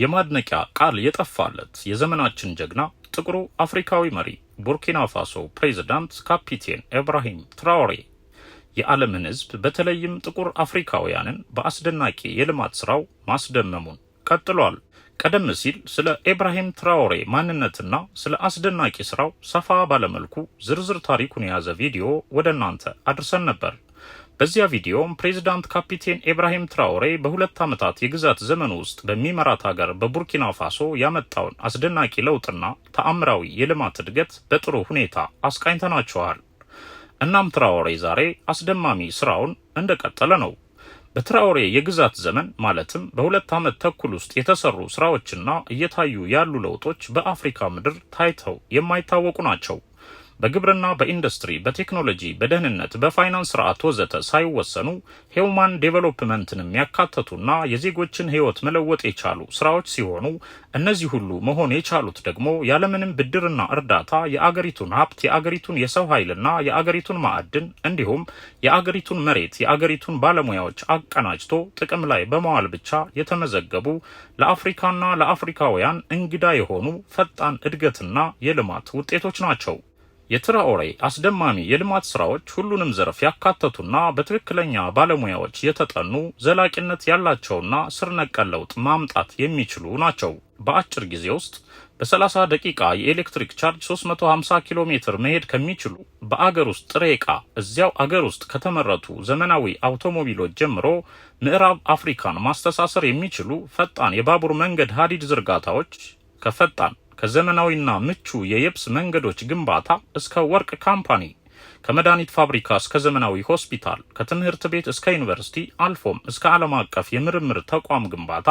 የማድነቂያ ቃል የጠፋለት የዘመናችን ጀግና ጥቁሩ አፍሪካዊ መሪ ቡርኪና ፋሶ ፕሬዚዳንት ካፒቴን ኢብራሂም ትራውሬ የዓለምን ሕዝብ በተለይም ጥቁር አፍሪካውያንን በአስደናቂ የልማት ስራው ማስደመሙን ቀጥሏል። ቀደም ሲል ስለ ኢብራሂም ትራውሬ ማንነትና ስለ አስደናቂ ስራው ሰፋ ባለመልኩ ዝርዝር ታሪኩን የያዘ ቪዲዮ ወደ እናንተ አድርሰን ነበር። በዚያ ቪዲዮም ፕሬዚዳንት ካፒቴን ኢብራሂም ትራውሬ በሁለት ዓመታት የግዛት ዘመን ውስጥ በሚመራት ሀገር በቡርኪና ፋሶ ያመጣውን አስደናቂ ለውጥና ተአምራዊ የልማት እድገት በጥሩ ሁኔታ አስቃኝተናቸዋል። እናም ትራውሬ ዛሬ አስደማሚ ስራውን እንደቀጠለ ነው። በትራውሬ የግዛት ዘመን ማለትም በሁለት ዓመት ተኩል ውስጥ የተሰሩ ስራዎችና እየታዩ ያሉ ለውጦች በአፍሪካ ምድር ታይተው የማይታወቁ ናቸው። በግብርና፣ በኢንዱስትሪ፣ በቴክኖሎጂ፣ በደህንነት፣ በፋይናንስ ስርዓት ወዘተ ሳይወሰኑ ሂውማን ዴቨሎፕመንትን የሚያካተቱና የዜጎችን ህይወት መለወጥ የቻሉ ስራዎች ሲሆኑ እነዚህ ሁሉ መሆን የቻሉት ደግሞ ያለምንም ብድርና እርዳታ የአገሪቱን ሀብት፣ የአገሪቱን የሰው ኃይልና የአገሪቱን ማዕድን እንዲሁም የአገሪቱን መሬት፣ የአገሪቱን ባለሙያዎች አቀናጅቶ ጥቅም ላይ በመዋል ብቻ የተመዘገቡ ለአፍሪካና ለአፍሪካውያን እንግዳ የሆኑ ፈጣን እድገትና የልማት ውጤቶች ናቸው። የትራኦሬ አስደማሚ የልማት ስራዎች ሁሉንም ዘርፍ ያካተቱና በትክክለኛ ባለሙያዎች የተጠኑ ዘላቂነት ያላቸውና ስር ነቀል ለውጥ ማምጣት የሚችሉ ናቸው። በአጭር ጊዜ ውስጥ በ30 ደቂቃ የኤሌክትሪክ ቻርጅ 350 ኪሎ ሜትር መሄድ ከሚችሉ በአገር ውስጥ ጥሬ ዕቃ እዚያው አገር ውስጥ ከተመረቱ ዘመናዊ አውቶሞቢሎች ጀምሮ ምዕራብ አፍሪካን ማስተሳሰር የሚችሉ ፈጣን የባቡር መንገድ ሀዲድ ዝርጋታዎች ከፈጣን ከዘመናዊና ምቹ የየብስ መንገዶች ግንባታ እስከ ወርቅ ካምፓኒ ከመድኃኒት ፋብሪካ እስከ ዘመናዊ ሆስፒታል ከትምህርት ቤት እስከ ዩኒቨርሲቲ አልፎም እስከ ዓለም አቀፍ የምርምር ተቋም ግንባታ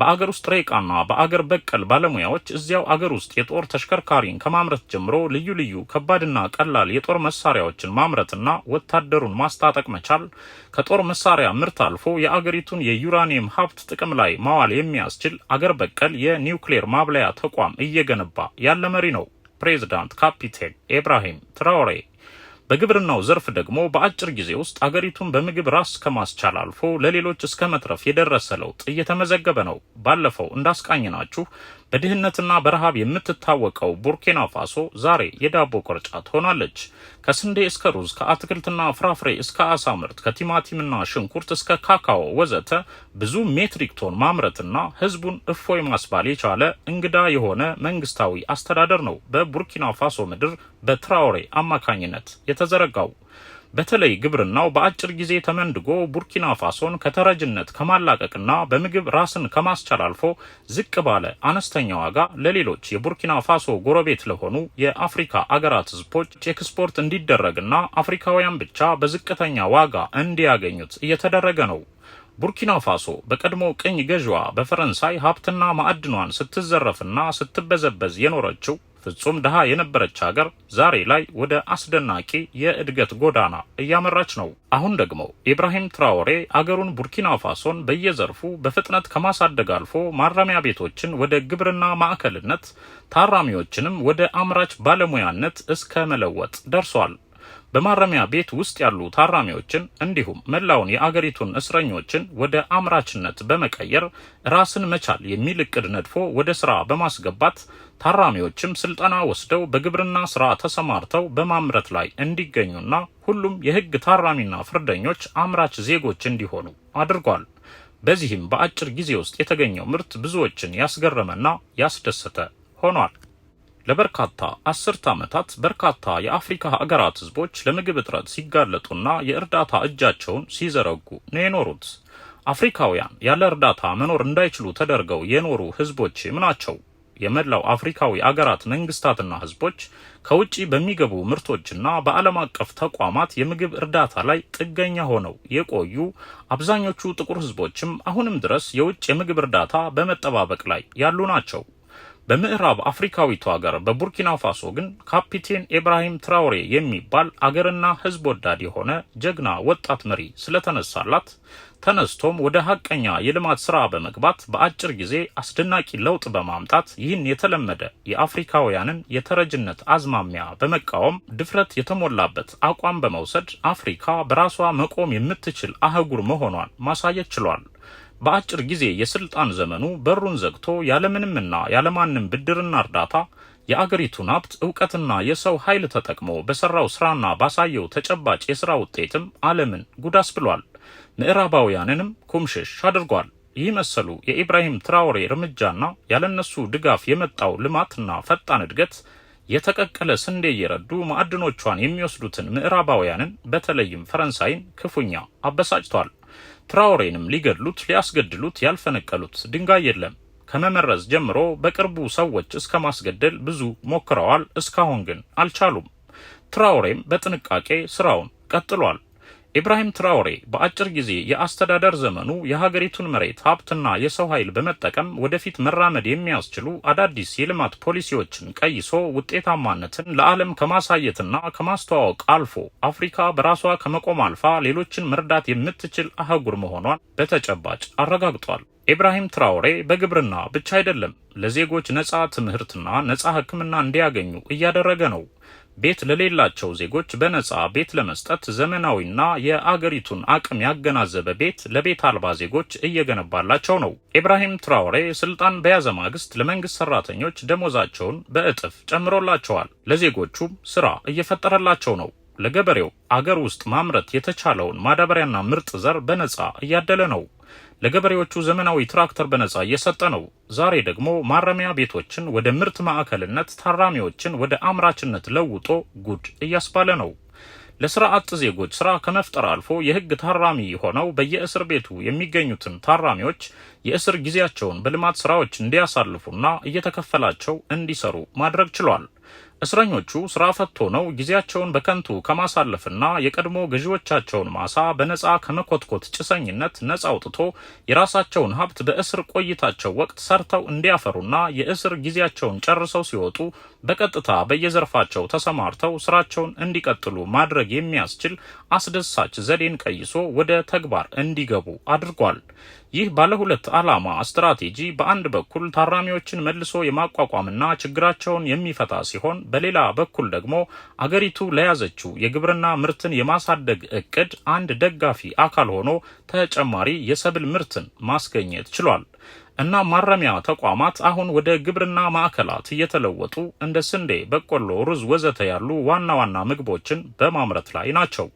በአገር ውስጥ ሬቃና በአገር በቀል ባለሙያዎች እዚያው አገር ውስጥ የጦር ተሽከርካሪን ከማምረት ጀምሮ ልዩ ልዩ ከባድና ቀላል የጦር መሳሪያዎችን ማምረትና ወታደሩን ማስታጠቅ መቻል ከጦር መሳሪያ ምርት አልፎ የአገሪቱን የዩራኒየም ሀብት ጥቅም ላይ ማዋል የሚያስችል አገር በቀል የኒውክሌር ማብለያ ተቋም እየገነባ ያለ መሪ ነው ፕሬዚዳንት ካፒቴን ኢብራሂም ትራውሬ በግብርናው ዘርፍ ደግሞ በአጭር ጊዜ ውስጥ አገሪቱን በምግብ ራስ ከማስቻል አልፎ ለሌሎች እስከ መትረፍ የደረሰ ለውጥ እየተመዘገበ ነው። ባለፈው እንዳስቃኝ ናችሁ በድህነትና በረሃብ የምትታወቀው ቡርኪና ፋሶ ዛሬ የዳቦ ቅርጫት ሆናለች። ከስንዴ እስከ ሩዝ፣ ከአትክልትና ፍራፍሬ እስከ አሳ ምርት፣ ከቲማቲምና ሽንኩርት እስከ ካካዎ ወዘተ ብዙ ሜትሪክ ቶን ማምረትና ህዝቡን እፎይ ማስባል የቻለ እንግዳ የሆነ መንግስታዊ አስተዳደር ነው በቡርኪና ፋሶ ምድር በትራውሬ አማካኝነት የተዘረጋው። በተለይ ግብርናው በአጭር ጊዜ ተመንድጎ ቡርኪና ፋሶን ከተረጅነት ከማላቀቅና በምግብ ራስን ከማስቻል አልፎ ዝቅ ባለ አነስተኛ ዋጋ ለሌሎች የቡርኪና ፋሶ ጎረቤት ለሆኑ የአፍሪካ አገራት ህዝቦች ኤክስፖርት እንዲደረግና አፍሪካውያን ብቻ በዝቅተኛ ዋጋ እንዲያገኙት እየተደረገ ነው። ቡርኪና ፋሶ በቀድሞ ቅኝ ገዥዋ በፈረንሳይ ሀብትና ማዕድኗን ስትዘረፍና ስትበዘበዝ የኖረችው ፍጹም ድሃ የነበረች ሀገር ዛሬ ላይ ወደ አስደናቂ የእድገት ጎዳና እያመራች ነው። አሁን ደግሞ ኢብራሂም ትራኦሬ አገሩን ቡርኪና ፋሶን በየዘርፉ በፍጥነት ከማሳደግ አልፎ ማረሚያ ቤቶችን ወደ ግብርና ማዕከልነት፣ ታራሚዎችንም ወደ አምራች ባለሙያነት እስከ መለወጥ ደርሷል። በማረሚያ ቤት ውስጥ ያሉ ታራሚዎችን እንዲሁም መላውን የአገሪቱን እስረኞችን ወደ አምራችነት በመቀየር ራስን መቻል የሚል እቅድ ነድፎ ወደ ስራ በማስገባት ታራሚዎችም ስልጠና ወስደው በግብርና ስራ ተሰማርተው በማምረት ላይ እንዲገኙና ሁሉም የህግ ታራሚና ፍርደኞች አምራች ዜጎች እንዲሆኑ አድርጓል። በዚህም በአጭር ጊዜ ውስጥ የተገኘው ምርት ብዙዎችን ያስገረመና ያስደሰተ ሆኗል። ለበርካታ አስርተ ዓመታት በርካታ የአፍሪካ ሀገራት ህዝቦች ለምግብ እጥረት ሲጋለጡና የእርዳታ እጃቸውን ሲዘረጉ ነው የኖሩት። አፍሪካውያን ያለ እርዳታ መኖር እንዳይችሉ ተደርገው የኖሩ ህዝቦችም ናቸው። የመላው አፍሪካዊ አገራት መንግስታትና ህዝቦች ከውጪ በሚገቡ ምርቶችና በዓለም አቀፍ ተቋማት የምግብ እርዳታ ላይ ጥገኛ ሆነው የቆዩ አብዛኞቹ ጥቁር ህዝቦችም አሁንም ድረስ የውጭ የምግብ እርዳታ በመጠባበቅ ላይ ያሉ ናቸው። በምዕራብ አፍሪካዊቱ ሀገር በቡርኪና ፋሶ ግን ካፒቴን ኢብራሂም ትራውሬ የሚባል አገርና ሕዝብ ወዳድ የሆነ ጀግና ወጣት መሪ ስለተነሳላት ተነስቶም ወደ ሀቀኛ የልማት ስራ በመግባት በአጭር ጊዜ አስደናቂ ለውጥ በማምጣት ይህን የተለመደ የአፍሪካውያንን የተረጅነት አዝማሚያ በመቃወም ድፍረት የተሞላበት አቋም በመውሰድ አፍሪካ በራሷ መቆም የምትችል አህጉር መሆኗን ማሳየት ችሏል። በአጭር ጊዜ የስልጣን ዘመኑ በሩን ዘግቶ ያለምንምና ያለማንም ብድርና እርዳታ የአገሪቱን ሀብት እውቀትና የሰው ኃይል ተጠቅሞ በሰራው ስራና ባሳየው ተጨባጭ የስራ ውጤትም ዓለምን ጉዳስ ብሏል። ምዕራባውያንንም ኩምሽሽ አድርጓል። ይህ መሰሉ የኢብራሂም ትራውሬ እርምጃና ያለነሱ ድጋፍ የመጣው ልማትና ፈጣን እድገት የተቀቀለ ስንዴ እየረዱ ማዕድኖቿን የሚወስዱትን ምዕራባውያንን በተለይም ፈረንሳይን ክፉኛ አበሳጭቷል። ትራውሬንም ሊገድሉት ሊያስገድሉት ያልፈነቀሉት ድንጋይ የለም። ከመመረዝ ጀምሮ በቅርቡ ሰዎች እስከ ማስገደል ብዙ ሞክረዋል። እስካሁን ግን አልቻሉም። ትራውሬም በጥንቃቄ ስራውን ቀጥሏል። ኢብራሂም ትራውሬ በአጭር ጊዜ የአስተዳደር ዘመኑ የሀገሪቱን መሬት ሀብትና የሰው ኃይል በመጠቀም ወደፊት መራመድ የሚያስችሉ አዳዲስ የልማት ፖሊሲዎችን ቀይሶ ውጤታማነትን ለዓለም ከማሳየትና ከማስተዋወቅ አልፎ አፍሪካ በራሷ ከመቆም አልፋ ሌሎችን መርዳት የምትችል አህጉር መሆኗን በተጨባጭ አረጋግጧል። ኢብራሂም ትራውሬ በግብርና ብቻ አይደለም፣ ለዜጎች ነጻ ትምህርትና ነጻ ሕክምና እንዲያገኙ እያደረገ ነው። ቤት ለሌላቸው ዜጎች በነጻ ቤት ለመስጠት ዘመናዊና የአገሪቱን አቅም ያገናዘበ ቤት ለቤት አልባ ዜጎች እየገነባላቸው ነው። ኢብራሂም ትራውሬ ስልጣን በያዘ ማግስት ለመንግስት ሰራተኞች ደሞዛቸውን በእጥፍ ጨምሮላቸዋል። ለዜጎቹም ስራ እየፈጠረላቸው ነው። ለገበሬው አገር ውስጥ ማምረት የተቻለውን ማዳበሪያና ምርጥ ዘር በነጻ እያደለ ነው። ለገበሬዎቹ ዘመናዊ ትራክተር በነጻ እየሰጠ ነው። ዛሬ ደግሞ ማረሚያ ቤቶችን ወደ ምርት ማዕከልነት፣ ታራሚዎችን ወደ አምራችነት ለውጦ ጉድ እያስባለ ነው። ለስራ አጥ ዜጎች ስራ ከመፍጠር አልፎ የህግ ታራሚ ሆነው በየእስር ቤቱ የሚገኙትን ታራሚዎች የእስር ጊዜያቸውን በልማት ስራዎች እንዲያሳልፉና እየተከፈላቸው እንዲሰሩ ማድረግ ችሏል። እስረኞቹ ስራ ፈቶ ነው ጊዜያቸውን በከንቱ ከማሳለፍና የቀድሞ ገዢዎቻቸውን ማሳ በነፃ ከመኮትኮት ጭሰኝነት ነፃ አውጥቶ የራሳቸውን ሀብት በእስር ቆይታቸው ወቅት ሰርተው እንዲያፈሩና የእስር ጊዜያቸውን ጨርሰው ሲወጡ በቀጥታ በየዘርፋቸው ተሰማርተው ስራቸውን እንዲቀጥሉ ማድረግ የሚያስችል አስደሳች ዘዴን ቀይሶ ወደ ተግባር እንዲገቡ አድርጓል። ይህ ባለሁለት ዓላማ ስትራቴጂ በአንድ በኩል ታራሚዎችን መልሶ የማቋቋምና ችግራቸውን የሚፈታ ሲሆን፣ በሌላ በኩል ደግሞ አገሪቱ ለያዘችው የግብርና ምርትን የማሳደግ እቅድ አንድ ደጋፊ አካል ሆኖ ተጨማሪ የሰብል ምርትን ማስገኘት ችሏል። እና ማረሚያ ተቋማት አሁን ወደ ግብርና ማዕከላት እየተለወጡ እንደ ስንዴ፣ በቆሎ፣ ሩዝ ወዘተ ያሉ ዋና ዋና ምግቦችን በማምረት ላይ ናቸው።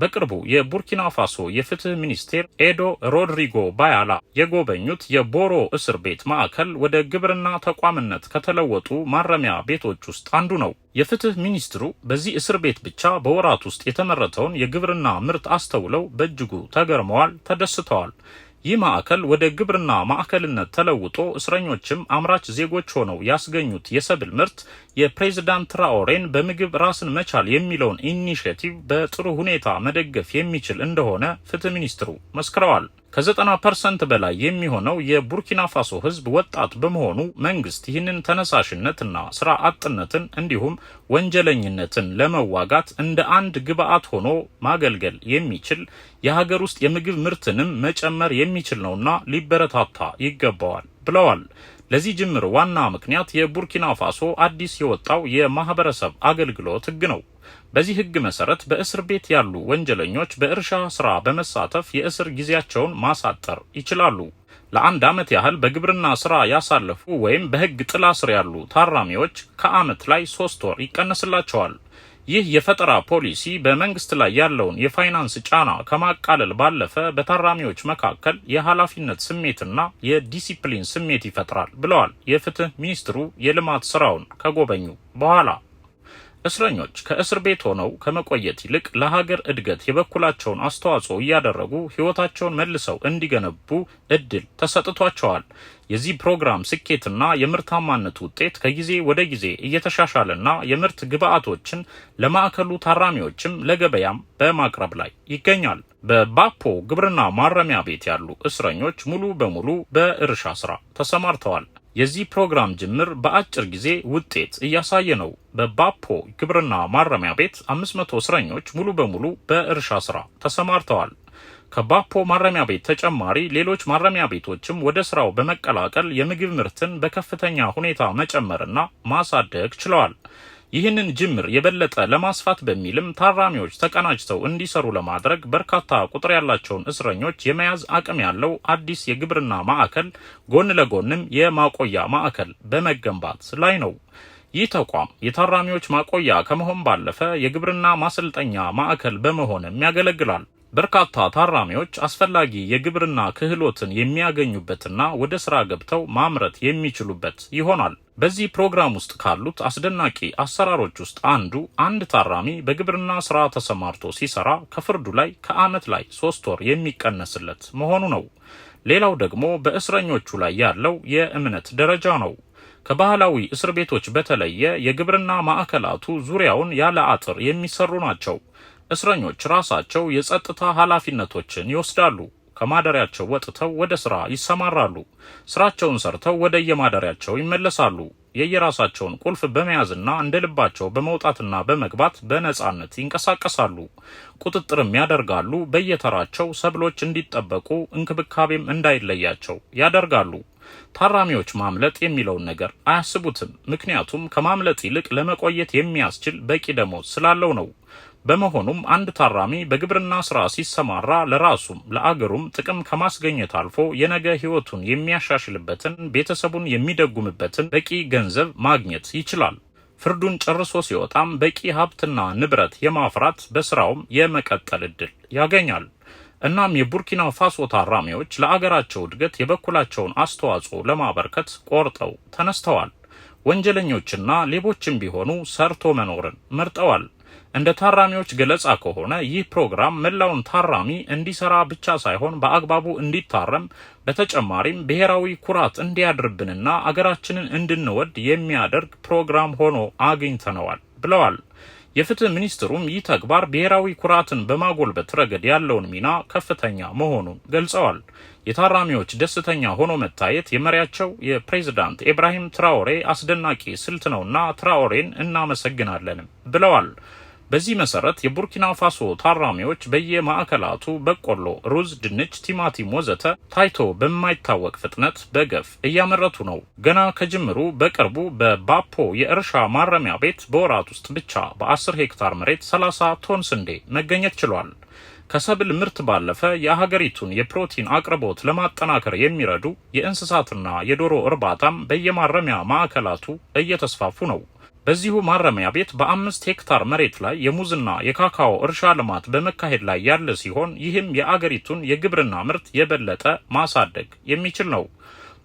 በቅርቡ የቡርኪና ፋሶ የፍትህ ሚኒስቴር ኤዶ ሮድሪጎ ባያላ የጎበኙት የቦሮ እስር ቤት ማዕከል ወደ ግብርና ተቋምነት ከተለወጡ ማረሚያ ቤቶች ውስጥ አንዱ ነው። የፍትህ ሚኒስትሩ በዚህ እስር ቤት ብቻ በወራት ውስጥ የተመረተውን የግብርና ምርት አስተውለው በእጅጉ ተገርመዋል፣ ተደስተዋል። ይህ ማዕከል ወደ ግብርና ማዕከልነት ተለውጦ እስረኞችም አምራች ዜጎች ሆነው ያስገኙት የሰብል ምርት የፕሬዚዳንት ትራኦሬን በምግብ ራስን መቻል የሚለውን ኢኒሽቲቭ በጥሩ ሁኔታ መደገፍ የሚችል እንደሆነ ፍትህ ሚኒስትሩ መስክረዋል። ከዘጠና ፐርሰንት በላይ የሚሆነው የቡርኪና ፋሶ ህዝብ ወጣት በመሆኑ መንግስት ይህንን ተነሳሽነትና ስራ አጥነትን እንዲሁም ወንጀለኝነትን ለመዋጋት እንደ አንድ ግብአት ሆኖ ማገልገል የሚችል የሀገር ውስጥ የምግብ ምርትንም መጨመር የሚችል ነውና ሊበረታታ ይገባዋል ብለዋል። ለዚህ ጅምር ዋና ምክንያት የቡርኪና ፋሶ አዲስ የወጣው የማህበረሰብ አገልግሎት ህግ ነው። በዚህ ህግ መሰረት በእስር ቤት ያሉ ወንጀለኞች በእርሻ ስራ በመሳተፍ የእስር ጊዜያቸውን ማሳጠር ይችላሉ። ለአንድ ዓመት ያህል በግብርና ስራ ያሳለፉ ወይም በህግ ጥላ ስር ያሉ ታራሚዎች ከዓመት ላይ ሶስት ወር ይቀነስላቸዋል። ይህ የፈጠራ ፖሊሲ በመንግስት ላይ ያለውን የፋይናንስ ጫና ከማቃለል ባለፈ በታራሚዎች መካከል የኃላፊነት ስሜትና የዲሲፕሊን ስሜት ይፈጥራል ብለዋል የፍትህ ሚኒስትሩ የልማት ስራውን ከጎበኙ በኋላ እስረኞች ከእስር ቤት ሆነው ከመቆየት ይልቅ ለሀገር እድገት የበኩላቸውን አስተዋጽኦ እያደረጉ ህይወታቸውን መልሰው እንዲገነቡ እድል ተሰጥቷቸዋል። የዚህ ፕሮግራም ስኬትና የምርታማነት ውጤት ከጊዜ ወደ ጊዜ እየተሻሻለና የምርት ግብዓቶችን ለማዕከሉ ታራሚዎችም ለገበያም በማቅረብ ላይ ይገኛል። በባፖ ግብርና ማረሚያ ቤት ያሉ እስረኞች ሙሉ በሙሉ በእርሻ ስራ ተሰማርተዋል። የዚህ ፕሮግራም ጅምር በአጭር ጊዜ ውጤት እያሳየ ነው። በባፖ ግብርና ማረሚያ ቤት 500 እስረኞች ሙሉ በሙሉ በእርሻ ስራ ተሰማርተዋል። ከባፖ ማረሚያ ቤት ተጨማሪ ሌሎች ማረሚያ ቤቶችም ወደ ስራው በመቀላቀል የምግብ ምርትን በከፍተኛ ሁኔታ መጨመርና ማሳደግ ችለዋል። ይህንን ጅምር የበለጠ ለማስፋት በሚልም ታራሚዎች ተቀናጅተው እንዲሰሩ ለማድረግ በርካታ ቁጥር ያላቸውን እስረኞች የመያዝ አቅም ያለው አዲስ የግብርና ማዕከል ጎን ለጎንም የማቆያ ማዕከል በመገንባት ላይ ነው። ይህ ተቋም የታራሚዎች ማቆያ ከመሆን ባለፈ የግብርና ማሰልጠኛ ማዕከል በመሆንም ያገለግላል። በርካታ ታራሚዎች አስፈላጊ የግብርና ክህሎትን የሚያገኙበትና ወደ ስራ ገብተው ማምረት የሚችሉበት ይሆናል። በዚህ ፕሮግራም ውስጥ ካሉት አስደናቂ አሰራሮች ውስጥ አንዱ አንድ ታራሚ በግብርና ስራ ተሰማርቶ ሲሰራ ከፍርዱ ላይ ከዓመት ላይ ሶስት ወር የሚቀነስለት መሆኑ ነው። ሌላው ደግሞ በእስረኞቹ ላይ ያለው የእምነት ደረጃ ነው። ከባህላዊ እስር ቤቶች በተለየ የግብርና ማዕከላቱ ዙሪያውን ያለ አጥር የሚሰሩ ናቸው። እስረኞች ራሳቸው የጸጥታ ኃላፊነቶችን ይወስዳሉ። ከማደሪያቸው ወጥተው ወደ ስራ ይሰማራሉ። ስራቸውን ሰርተው ወደ የማደሪያቸው ይመለሳሉ። የየራሳቸውን ቁልፍ በመያዝና እንደ ልባቸው በመውጣትና በመግባት በነጻነት ይንቀሳቀሳሉ። ቁጥጥርም ያደርጋሉ። በየተራቸው ሰብሎች እንዲጠበቁ እንክብካቤም እንዳይለያቸው ያደርጋሉ። ታራሚዎች ማምለጥ የሚለውን ነገር አያስቡትም። ምክንያቱም ከማምለጥ ይልቅ ለመቆየት የሚያስችል በቂ ደሞዝ ስላለው ነው። በመሆኑም አንድ ታራሚ በግብርና ስራ ሲሰማራ ለራሱም ለአገሩም ጥቅም ከማስገኘት አልፎ የነገ ህይወቱን የሚያሻሽልበትን ቤተሰቡን የሚደጉምበትን በቂ ገንዘብ ማግኘት ይችላል። ፍርዱን ጨርሶ ሲወጣም በቂ ሀብትና ንብረት የማፍራት በስራውም የመቀጠል እድል ያገኛል። እናም የቡርኪና ፋሶ ታራሚዎች ለአገራቸው እድገት የበኩላቸውን አስተዋጽኦ ለማበርከት ቆርጠው ተነስተዋል። ወንጀለኞችና ሌቦችም ቢሆኑ ሰርቶ መኖርን መርጠዋል። እንደ ታራሚዎች ገለጻ ከሆነ ይህ ፕሮግራም መላውን ታራሚ እንዲሰራ ብቻ ሳይሆን በአግባቡ እንዲታረም፣ በተጨማሪም ብሔራዊ ኩራት እንዲያድርብንና አገራችንን እንድንወድ የሚያደርግ ፕሮግራም ሆኖ አግኝተነዋል ብለዋል። የፍትህ ሚኒስትሩም ይህ ተግባር ብሔራዊ ኩራትን በማጎልበት ረገድ ያለውን ሚና ከፍተኛ መሆኑን ገልጸዋል። የታራሚዎች ደስተኛ ሆኖ መታየት የመሪያቸው የፕሬዝዳንት ኢብራሂም ትራኦሬ አስደናቂ ስልት ነውና ትራኦሬን እናመሰግናለንም ብለዋል። በዚህ መሰረት የቡርኪና ፋሶ ታራሚዎች በየማዕከላቱ በቆሎ፣ ሩዝ፣ ድንች፣ ቲማቲም ወዘተ ታይቶ በማይታወቅ ፍጥነት በገፍ እያመረቱ ነው። ገና ከጅምሩ በቅርቡ በባፖ የእርሻ ማረሚያ ቤት በወራት ውስጥ ብቻ በ10 ሄክታር መሬት 30 ቶን ስንዴ መገኘት ችሏል። ከሰብል ምርት ባለፈ የሀገሪቱን የፕሮቲን አቅርቦት ለማጠናከር የሚረዱ የእንስሳትና የዶሮ እርባታም በየማረሚያ ማዕከላቱ እየተስፋፉ ነው። በዚሁ ማረሚያ ቤት በአምስት ሄክታር መሬት ላይ የሙዝና የካካዎ እርሻ ልማት በመካሄድ ላይ ያለ ሲሆን ይህም የአገሪቱን የግብርና ምርት የበለጠ ማሳደግ የሚችል ነው።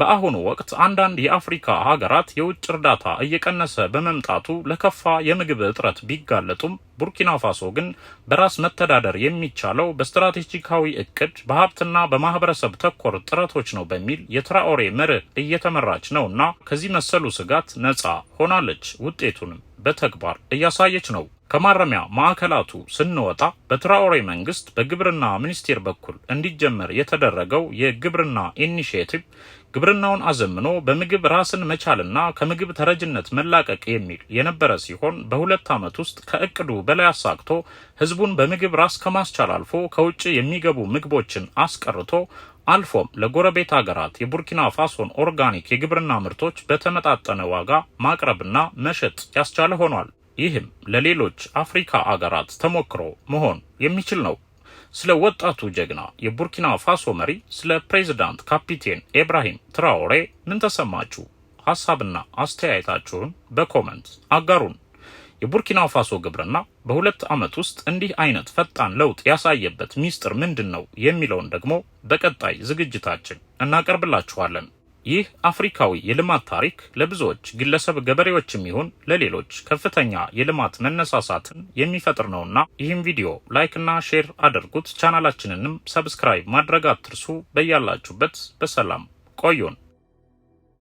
በአሁኑ ወቅት አንዳንድ የአፍሪካ ሀገራት የውጭ እርዳታ እየቀነሰ በመምጣቱ ለከፋ የምግብ እጥረት ቢጋለጡም ቡርኪና ፋሶ ግን በራስ መተዳደር የሚቻለው በስትራቴጂካዊ እቅድ በሀብትና በማህበረሰብ ተኮር ጥረቶች ነው በሚል የትራኦሬ መርህ እየተመራች ነውና ከዚህ መሰሉ ስጋት ነጻ ሆናለች። ውጤቱንም በተግባር እያሳየች ነው። ከማረሚያ ማዕከላቱ ስንወጣ በትራኦሬ መንግስት በግብርና ሚኒስቴር በኩል እንዲጀመር የተደረገው የግብርና ኢኒሽቲቭ ግብርናውን አዘምኖ በምግብ ራስን መቻልና ከምግብ ተረጅነት መላቀቅ የሚል የነበረ ሲሆን በሁለት ዓመት ውስጥ ከእቅዱ በላይ አሳክቶ ህዝቡን በምግብ ራስ ከማስቻል አልፎ ከውጭ የሚገቡ ምግቦችን አስቀርቶ አልፎም ለጎረቤት ሀገራት የቡርኪና ፋሶን ኦርጋኒክ የግብርና ምርቶች በተመጣጠነ ዋጋ ማቅረብና መሸጥ ያስቻለ ሆኗል። ይህም ለሌሎች አፍሪካ አገራት ተሞክሮ መሆን የሚችል ነው። ስለ ወጣቱ ጀግና የቡርኪና ፋሶ መሪ ስለ ፕሬዚዳንት ካፒቴን ኢብራሂም ትራኦሬ ምን ተሰማችሁ? ሀሳብና አስተያየታችሁን በኮመንት አጋሩን። የቡርኪና ፋሶ ግብርና በሁለት ዓመት ውስጥ እንዲህ አይነት ፈጣን ለውጥ ያሳየበት ሚስጥር ምንድን ነው የሚለውን ደግሞ በቀጣይ ዝግጅታችን እናቀርብላችኋለን። ይህ አፍሪካዊ የልማት ታሪክ ለብዙዎች ግለሰብ ገበሬዎችም ይሁን ለሌሎች ከፍተኛ የልማት መነሳሳትን የሚፈጥር ነውና ይህም ቪዲዮ ላይክና ሼር አድርጉት። ቻናላችንንም ሰብስክራይብ ማድረግ አትርሱ። በያላችሁበት በሰላም ቆዩን።